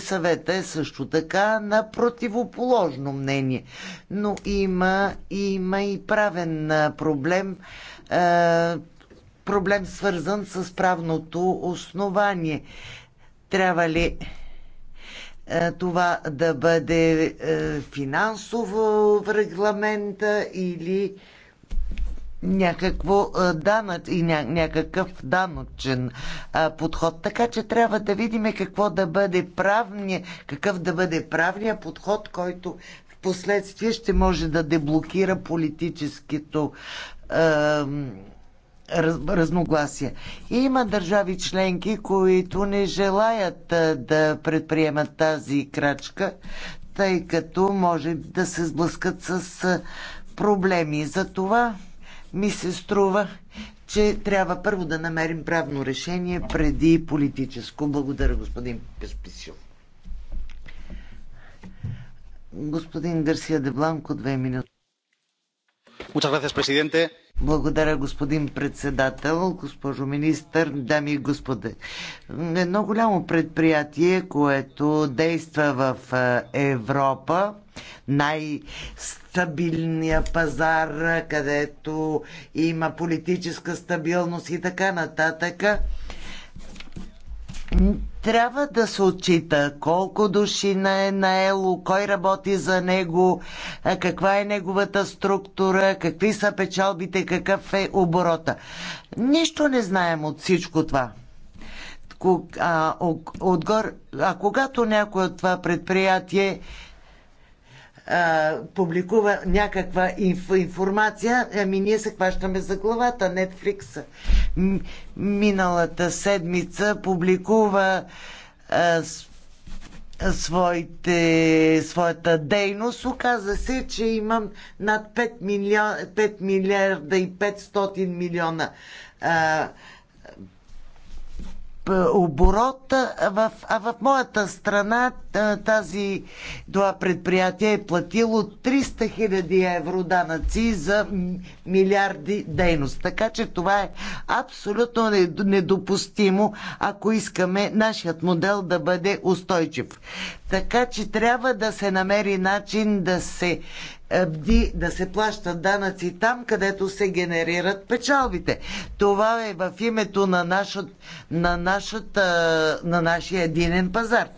Съвета е също така на противоположно мнение. Но има, има и правен проблем, проблем свързан с правното основание. Трябва ли това да бъде финансово в регламента или някакво данът и ня, някакъв данъчен а, подход. Така че трябва да видим какво да бъде правния, какъв да бъде правния подход, който в последствие ще може да деблокира политическото раз, разногласия. И има държави членки, които не желаят а, да предприемат тази крачка, тъй като може да се сблъскат с а, проблеми. За това ми се струва, че трябва първо да намерим правно решение преди политическо. Благодаря, господин Песписил. Господин Гарсия Дебланко, две минути. Muchas благодаря, господин председател, госпожо министър, дами и господа. Едно голямо предприятие, което действа в е, Европа, най- стабилния пазар, където има политическа стабилност и така нататък. Трябва да се отчита колко души на е наело, кой работи за него, каква е неговата структура, какви са печалбите, какъв е оборота. Нищо не знаем от всичко това а, отгор, а когато някой от това предприятие публикува някаква инф, информация, ами ние се хващаме за главата. Netflix миналата седмица публикува а, своите, своята дейност. Оказа се, че имам над 5, милион, 5 милиарда и 500 милиона а, е, оборот, в, а в моята страна е, тази, това предприятие е платило 300 000 евро данъци за милиарди дейност. Така че това е абсолютно недопустимо, ако искаме нашият модел да бъде устойчив. Така че трябва да се намери начин да се е, бди, да се плащат данъци там, където се генерират печалбите. Това е в името на, нашот, на, нашот, е, на нашия единен пазар.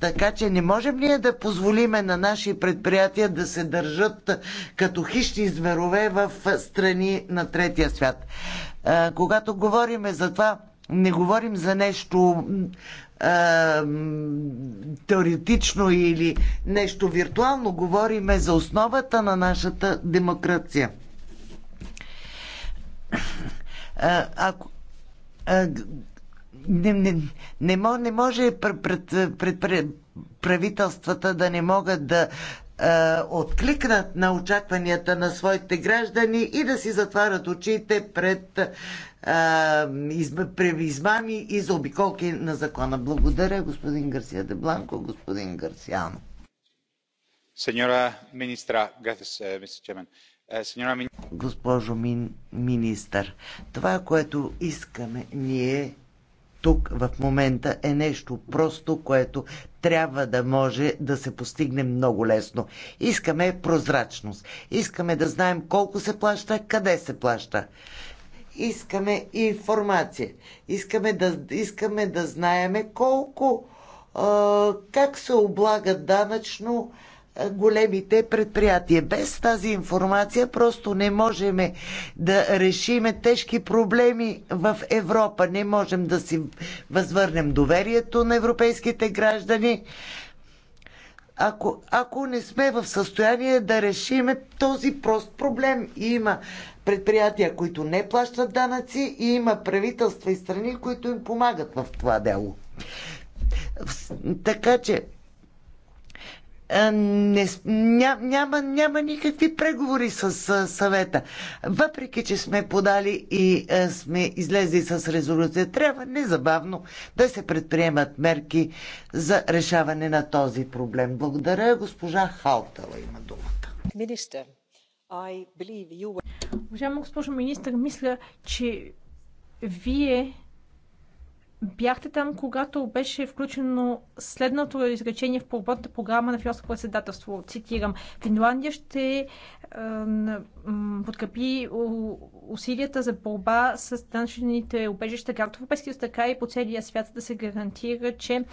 Така че не можем ние да позволиме на наши предприятия да се държат е, като хищни зверове в страни на третия свят. когато говориме за това, не говорим за нещо теоретично или нещо виртуално, говориме за основата на нашата демокрация. Ако не, не, не, не може пред, пред, пред правителствата да не могат да е, откликнат на очакванията на своите граждани и да си затварят очите пред е, измами и заобиколки на закона. Благодаря, господин Гарсия Дебланко, господин Гарсиано. Сеньора министра, е, Госпожо мин, министър, това, което искаме ние тук в момента е нещо просто, което трябва да може да се постигне много лесно. Искаме прозрачност. Искаме да знаем колко се плаща, къде се плаща. Искаме информация. Искаме да, искаме да знаеме колко, а, как се облагат данъчно големите предприятия. Без тази информация просто не можем да решиме тежки проблеми в Европа. Не можем да си възвърнем доверието на европейските граждани. Ако, ако не сме в състояние да решиме този прост проблем, има предприятия, които не плащат данъци и има правителства и страни, които им помагат в това дело. Така че не, ня, няма, няма никакви преговори с а, съвета. Въпреки, че сме подали и а, сме излезли с резолюция, трябва незабавно да се предприемат мерки за решаване на този проблем. Благодаря. Госпожа Халтала има думата. Министър, Уважаема госпожо министър, мисля, че вие Бяхте там, когато беше включено следното изречение в полботната програма на философско председателство. Цитирам. Финландия ще подкрепи усилията за борба с данъчните обежища, както в Европейския така и по целия свят, да се гарантира, че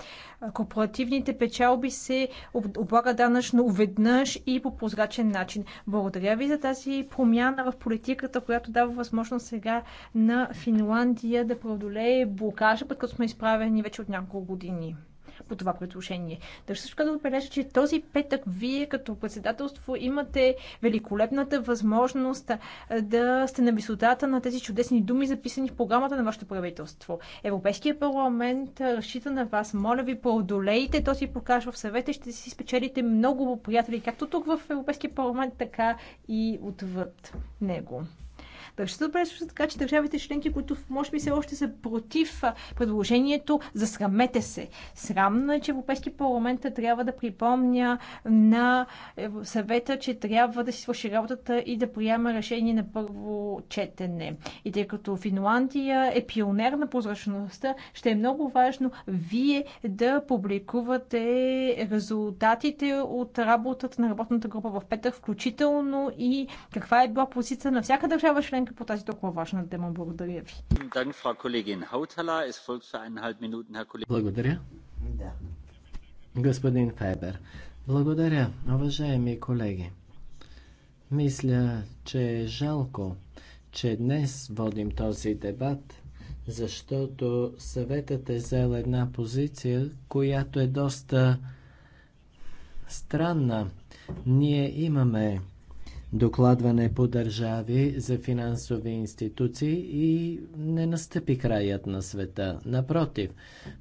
корпоративните печалби се облага данъчно веднъж и по прозрачен начин. Благодаря ви за тази промяна в политиката, която дава възможност сега на Финландия да преодолее блокажа, като сме изправени вече от няколко години по това предложение. Държа също да отбележа, че този петък вие като председателство имате великолепната възможност да сте на висотата на тези чудесни думи, записани в програмата на вашето правителство. Европейския парламент разчита на вас. Моля ви, преодолейте този покаж в съвета. Ще си спечелите много приятели, както тук в Европейския парламент, така и отвъд него. Ще се добре също така, че държавите членки, които може би все още са против предложението, засрамете се. Срамно е, че Европейски парламент трябва да припомня на е, съвета, че трябва да си свърши работата и да приема решение на първо четене. И тъй като Финландия е пионер на прозрачността, ще е много важно вие да публикувате резултатите от работата на работната група в Петър, включително и каква е била позиция на всяка държава членка оценка по тази толкова важна тема. Благодаря ви. Благодаря. Господин Фебер, благодаря, уважаеми колеги. Мисля, че е жалко, че днес водим този дебат, защото съветът е взел една позиция, която е доста странна. Ние имаме докладване по държави за финансови институции и не настъпи краят на света. Напротив,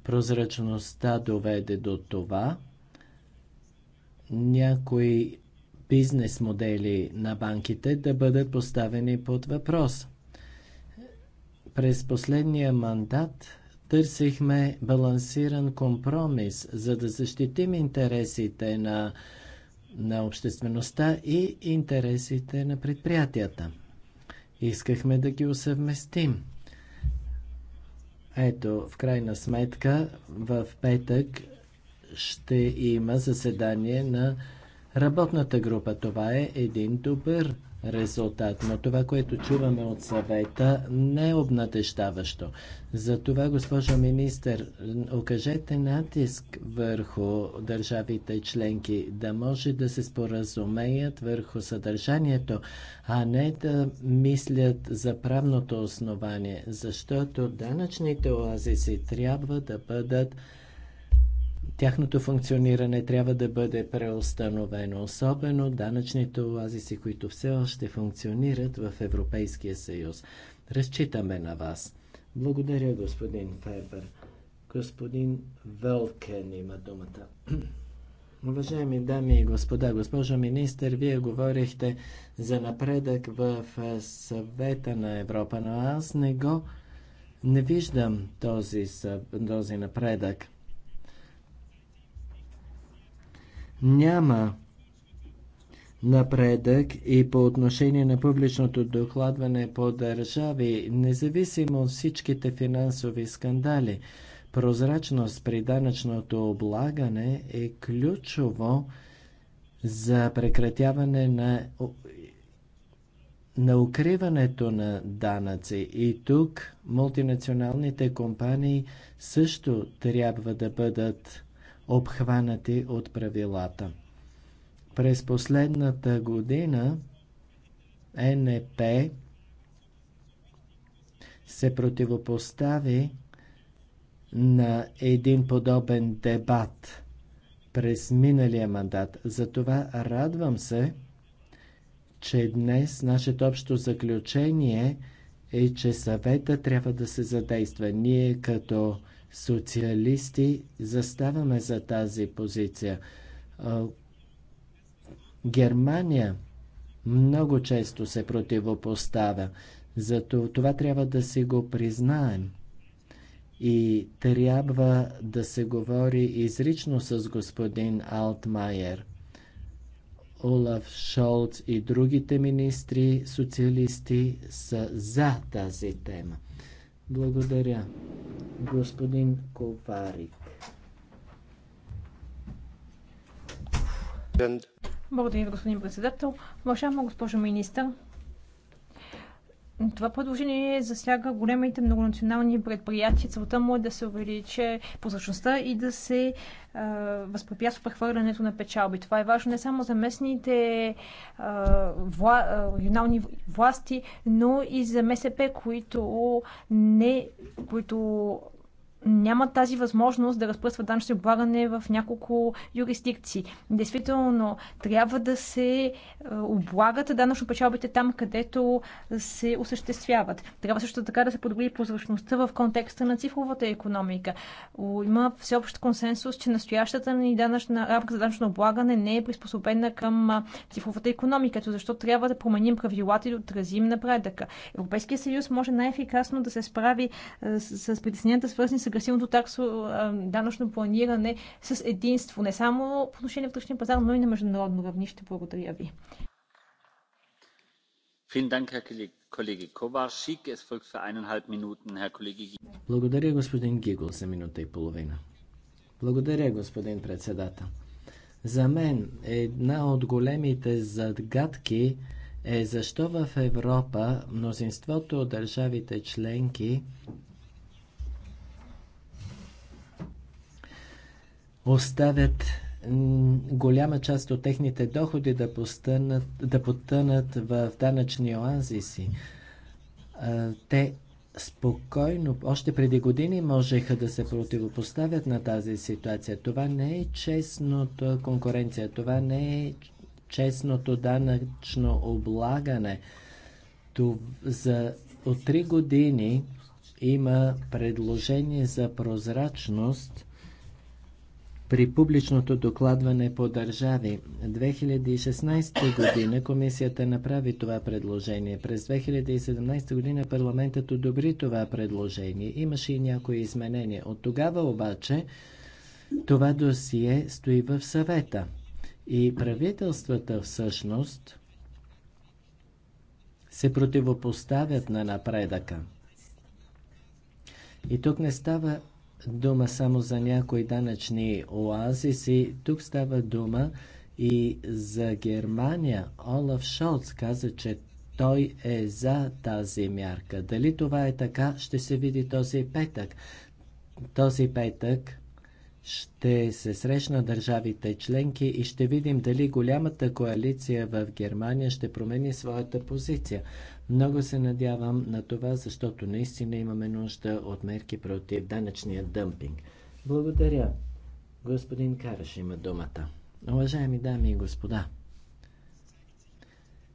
прозрачността доведе до това някои бизнес модели на банките да бъдат поставени под въпрос. През последния мандат търсихме балансиран компромис, за да защитим интересите на на обществеността и интересите на предприятията. Искахме да ги усъвместим. Ето, в крайна сметка, в петък ще има заседание на работната група. Това е един добър резултат. Но това, което чуваме от съвета, не е обнадеждаващо. Затова, госпожо министър, окажете натиск върху държавите членки, да може да се споразумеят върху съдържанието, а не да мислят за правното основание, защото данъчните оазиси трябва да бъдат Тяхното функциониране трябва да бъде преустановено, особено данъчните оазиси, които все още функционират в Европейския съюз. Разчитаме на вас. Благодаря, господин Фербер. Господин Велкен има думата. Уважаеми дами и господа, госпожо министър, вие говорихте за напредък в съвета на Европа, но аз не го не виждам този, този напредък. Няма напредък и по отношение на публичното докладване по държави, независимо от всичките финансови скандали. Прозрачност при данъчното облагане е ключово за прекратяване на, на укриването на данъци. И тук мултинационалните компании също трябва да бъдат обхванати от правилата. През последната година НП се противопостави на един подобен дебат през миналия мандат. Затова радвам се, че днес нашето общо заключение е, че съвета трябва да се задейства. Ние като социалисти заставаме за тази позиция. Германия много често се противопоставя. Зато това трябва да си го признаем. И трябва да се говори изрично с господин Алтмайер. Олаф Шолц и другите министри социалисти са за тази тема. Благодаря, господин Коварик. Благодаря, господин председател. Уважаема госпожо министър, това предложение засяга големите многонационални предприятия. Целта му е да се увеличи прозрачността и да се а, възпрепятства прехвърлянето на печалби. Това е важно не само за местните а, вла, а, регионални власти, но и за МСП, които, не, които няма тази възможност да разпръсва данъчно облагане в няколко юрисдикции. Действително, трябва да се е, облагат данъчно печалбите там, където се осъществяват. Трябва също така да се подобри прозрачността в контекста на цифровата економика. Има всеобщ консенсус, че настоящата ни данъчна рамка за данъчно облагане не е приспособена към цифровата економика, защо трябва да променим правилата и да отразим напредъка. Европейския съюз може най-ефикасно да се справи е, с притесненията, свързани с агресивното таксо данъчно планиране с единство, не само по отношение на вътрешния пазар, но и на международно равнище. Благодаря ви. Благодаря, господин Гигол, за минута и половина. Благодаря, господин председател. За мен една от големите загадки е защо в Европа мнозинството от държавите членки оставят голяма част от техните доходи да, постънат, да потънат в данъчни оазиси. Те спокойно, още преди години можеха да се противопоставят на тази ситуация. Това не е честното конкуренция, това не е честното данъчно облагане. за, от три години има предложение за прозрачност – при публичното докладване по държави. 2016 година комисията направи това предложение. През 2017 година парламентът одобри това предложение. Имаше и някои изменения. От тогава обаче това досие стои в съвета. И правителствата всъщност се противопоставят на напредъка. И тук не става дума само за някои данъчни оазиси. Тук става дума и за Германия. Олаф Шолц каза, че той е за тази мярка. Дали това е така, ще се види този петък. Този петък ще се срещна държавите членки и ще видим дали голямата коалиция в Германия ще промени своята позиция. Много се надявам на това, защото наистина имаме нужда от мерки против данъчния дъмпинг. Благодаря. Господин Караш има думата. Уважаеми дами и господа,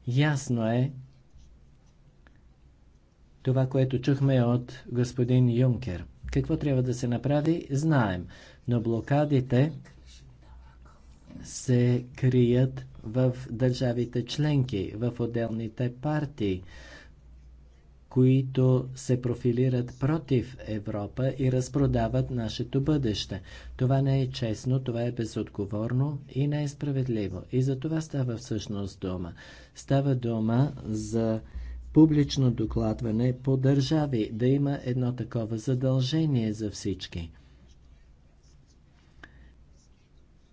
ясно е това, което чухме от господин Юнкер – какво трябва да се направи, знаем. Но блокадите се крият в държавите членки, в отделните партии, които се профилират против Европа и разпродават нашето бъдеще. Това не е честно, това е безотговорно и не е справедливо. И за това става всъщност дума. Става дума за публично докладване по държави, да има едно такова задължение за всички.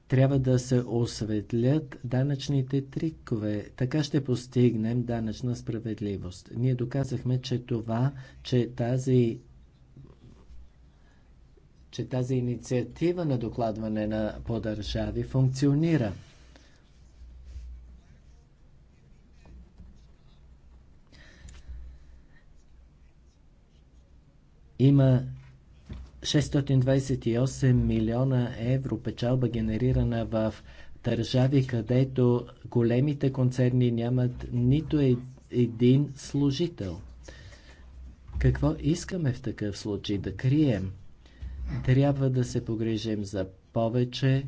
Трябва да се осветлят данъчните трикове. Така ще постигнем данъчна справедливост. Ние доказахме, че това, че тази че тази инициатива на докладване на подържави функционира. Има 628 милиона евро печалба генерирана в държави, където големите концерни нямат нито е, един служител. Какво искаме в такъв случай да крием? Трябва да се погрижим за повече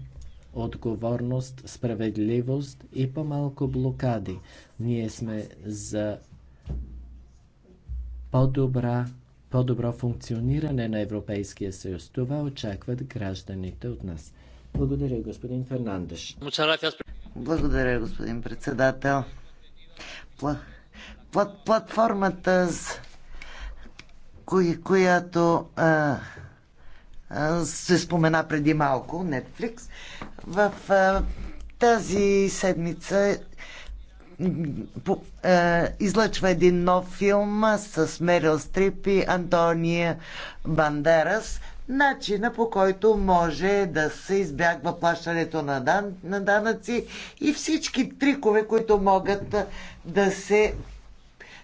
отговорност, справедливост и по-малко блокади. Ние сме за по-добра по-добро функциониране на Европейския съюз. Това очакват гражданите от нас. Благодаря, господин Фернандеш. Благодаря, господин председател. Пла... Пла... Платформата, с... кои... която а... а... се спомена преди малко, Netflix, в а... тази седмица е, излъчва един нов филм с Мерил Стрип и Антония Бандерас. Начина по който може да се избягва плащането на, дан, на данъци и всички трикове, които могат да се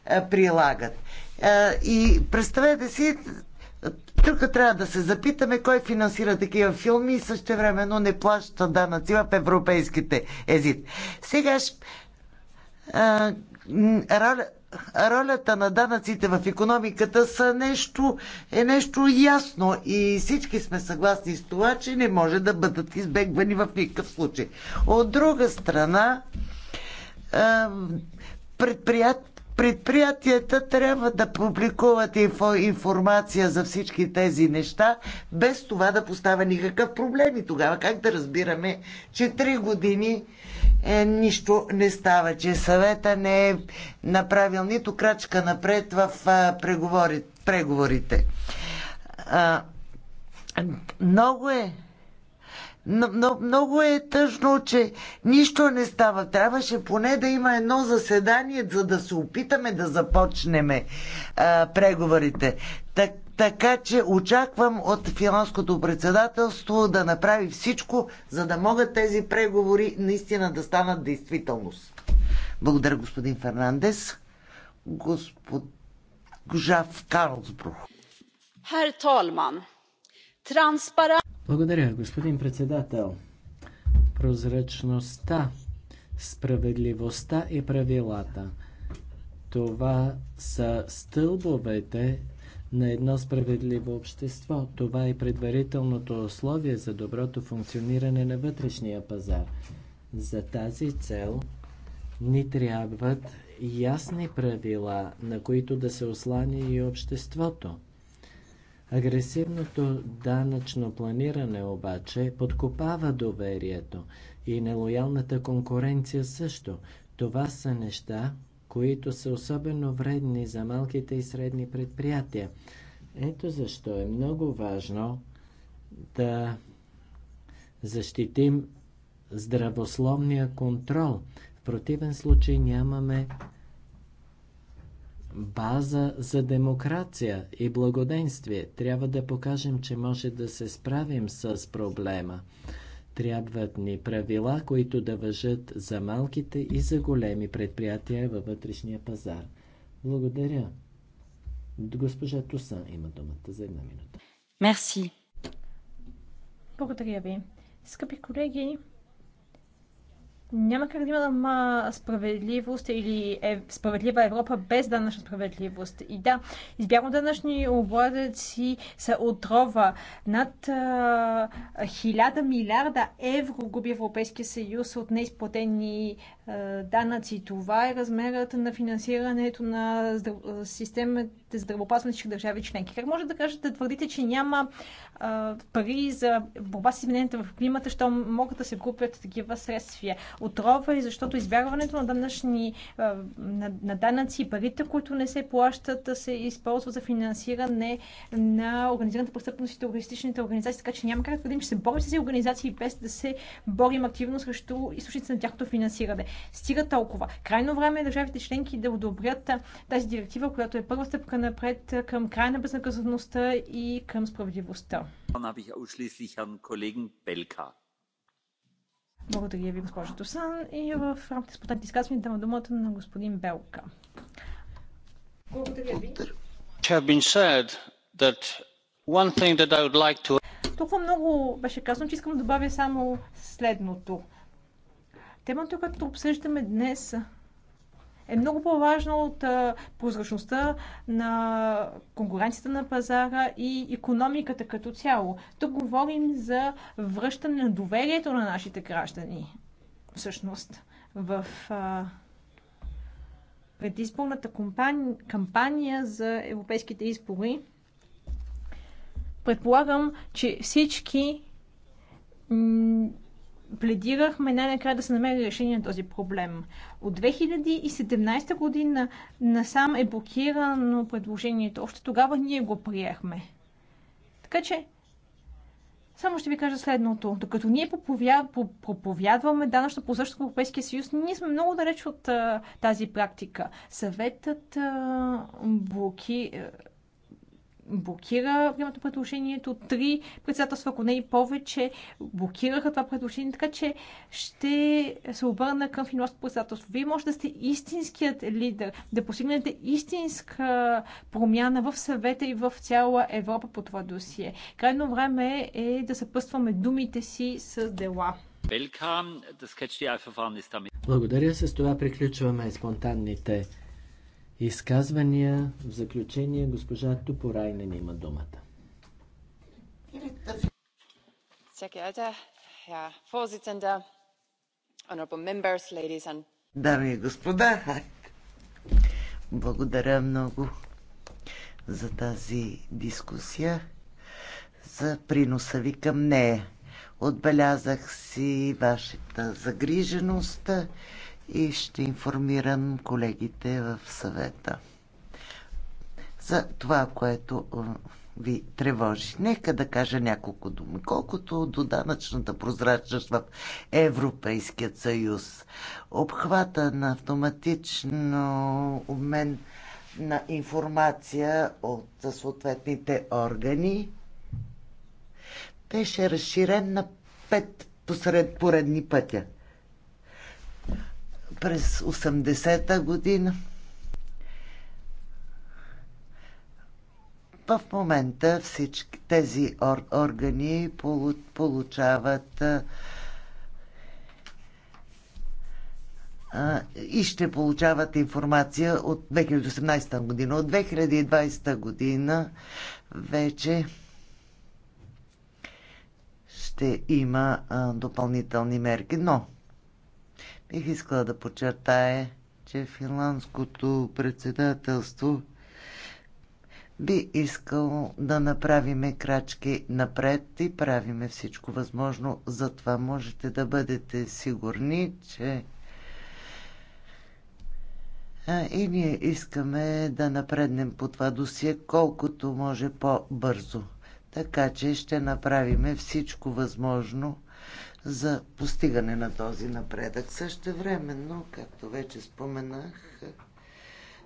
е, прилагат. Е, и представете си, тук трябва да се запитаме кой финансира такива филми и също времено не плаща данъци в европейските езици. Сега ще роля, ролята на данъците в економиката са нещо, е нещо ясно и всички сме съгласни с това, че не може да бъдат избегвани в никакъв случай. От друга страна, предприят, предприятията трябва да публикуват информация за всички тези неща, без това да поставя никакъв проблем. И тогава как да разбираме, че три години е, нищо не става, че съвета не е направил нито крачка напред в а, преговори, преговорите. А, много е много е тъжно, че нищо не става. Трябваше поне да има едно заседание, за да се опитаме да започнем преговорите. Так, така че очаквам от финландското председателство да направи всичко, за да могат тези преговори наистина да станат действителност. Благодаря, господин Фернандес. Господ Жав Карлсбрух. Хер Талман, транспарант. Благодаря, господин председател. Прозрачността, справедливостта и правилата. Това са стълбовете на едно справедливо общество. Това е предварителното условие за доброто функциониране на вътрешния пазар. За тази цел ни трябват ясни правила, на които да се ослани и обществото. Агресивното данъчно планиране обаче подкопава доверието и нелоялната конкуренция също. Това са неща, които са особено вредни за малките и средни предприятия. Ето защо е много важно да защитим здравословния контрол. В противен случай нямаме база за демокрация и благоденствие. Трябва да покажем, че може да се справим с проблема. Трябват ни правила, които да въжат за малките и за големи предприятия във вътрешния пазар. Благодаря. Госпожа Туса има думата за една минута. Мерси. Благодаря ви. Скъпи колеги, няма как да има справедливост или е, справедлива Европа без данъчна справедливост. И да, избягно данъчни обладъци са отрова. Над а, 1000 милиарда евро губи Европейския съюз от неизплатени е, данъци. Това е размерът на финансирането на системите здравеопазване държави членки. Как може да кажете, да твърдите, че няма а, е, пари за борба с измененията в климата, що могат да се купят такива средствия? Отрова и е, защото избягването на, данъчни, на, на данъци и парите, които не се плащат, се използва за финансиране на организираната престъпност и терористичните организации, така че няма как да твърдим, че се борим с тези организации без да се борим активно срещу източници на тяхното финансиране. Стига толкова. Крайно време е държавите членки да одобрят тази директива, която е първа стъпка напред към край на безнаказаността и към справедливостта. Благодаря ви, госпожа Тосан. И в рамките с потенти изказвания давам думата на господин Белка. Благодаря ви. Толкова много беше казано, че искам да добавя само следното. Темата, която обсъждаме днес, е много по-важна от прозрачността на конкуренцията на пазара и економиката като цяло. Тук говорим за връщане на доверието на нашите граждани. Всъщност, в а, предизборната компания, кампания за европейските избори, предполагам, че всички пледирахме най-накрая да се намери решение на този проблем. От 2017 година насам е блокирано предложението. Още тогава ние го приехме. Така че, само ще ви кажа следното. Докато ние проповядваме данъчно по същото Европейския съюз, ние сме много далеч от а, тази практика. Съветът а, блоки блокира приемато предложението. Три председателства, ако не и повече, блокираха това предложение, така че ще се обърна към финландското председателство. Вие може да сте истинският лидер, да постигнете истинска промяна в съвета и в цяла Европа по това досие. Крайно време е да съпъстваме думите си с дела. Благодаря. С това приключваме спонтанните изказвания. В заключение госпожа не има думата. Дами и господа, благодаря много за тази дискусия, за приноса ви към нея. Отбелязах си вашата загриженост и ще информирам колегите в съвета за това, което ви тревожи. Нека да кажа няколко думи. Колкото до данъчната прозрачност в Европейският съюз, обхвата на автоматично обмен на информация от съответните органи беше разширен на пет посред поредни пътя – през 80-та година. В момента всички тези ор- органи получават а, и ще получават информация от 2018 година. От 2020 година вече ще има а, допълнителни мерки, но Бих искала да подчертая, че финландското председателство би искал да направиме крачки напред и правиме всичко възможно. Затова можете да бъдете сигурни, че а, и ние искаме да напреднем по това досие колкото може по-бързо. Така че ще направиме всичко възможно за постигане на този напредък. Също времено, както вече споменах,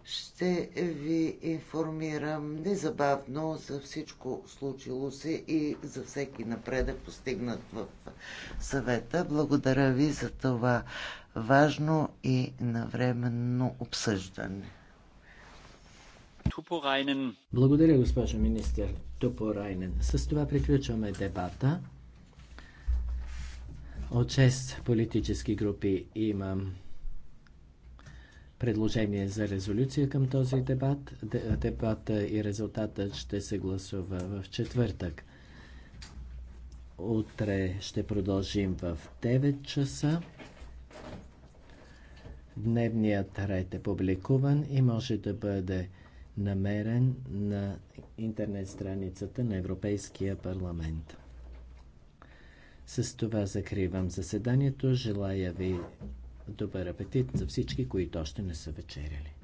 ще ви информирам незабавно за всичко случило се и за всеки напредък постигнат в съвета. Благодаря ви за това важно и навременно обсъждане. Благодаря, госпожо министър Тупорайнен. С това приключваме дебата. От 6 политически групи имам предложение за резолюция към този дебат. Дебата и резултатът ще се гласува в четвъртък. Утре ще продължим в 9 часа. Дневният ред е публикуван и може да бъде намерен на интернет страницата на Европейския парламент. С това закривам заседанието. Желая ви добър апетит за всички, които още не са вечеряли.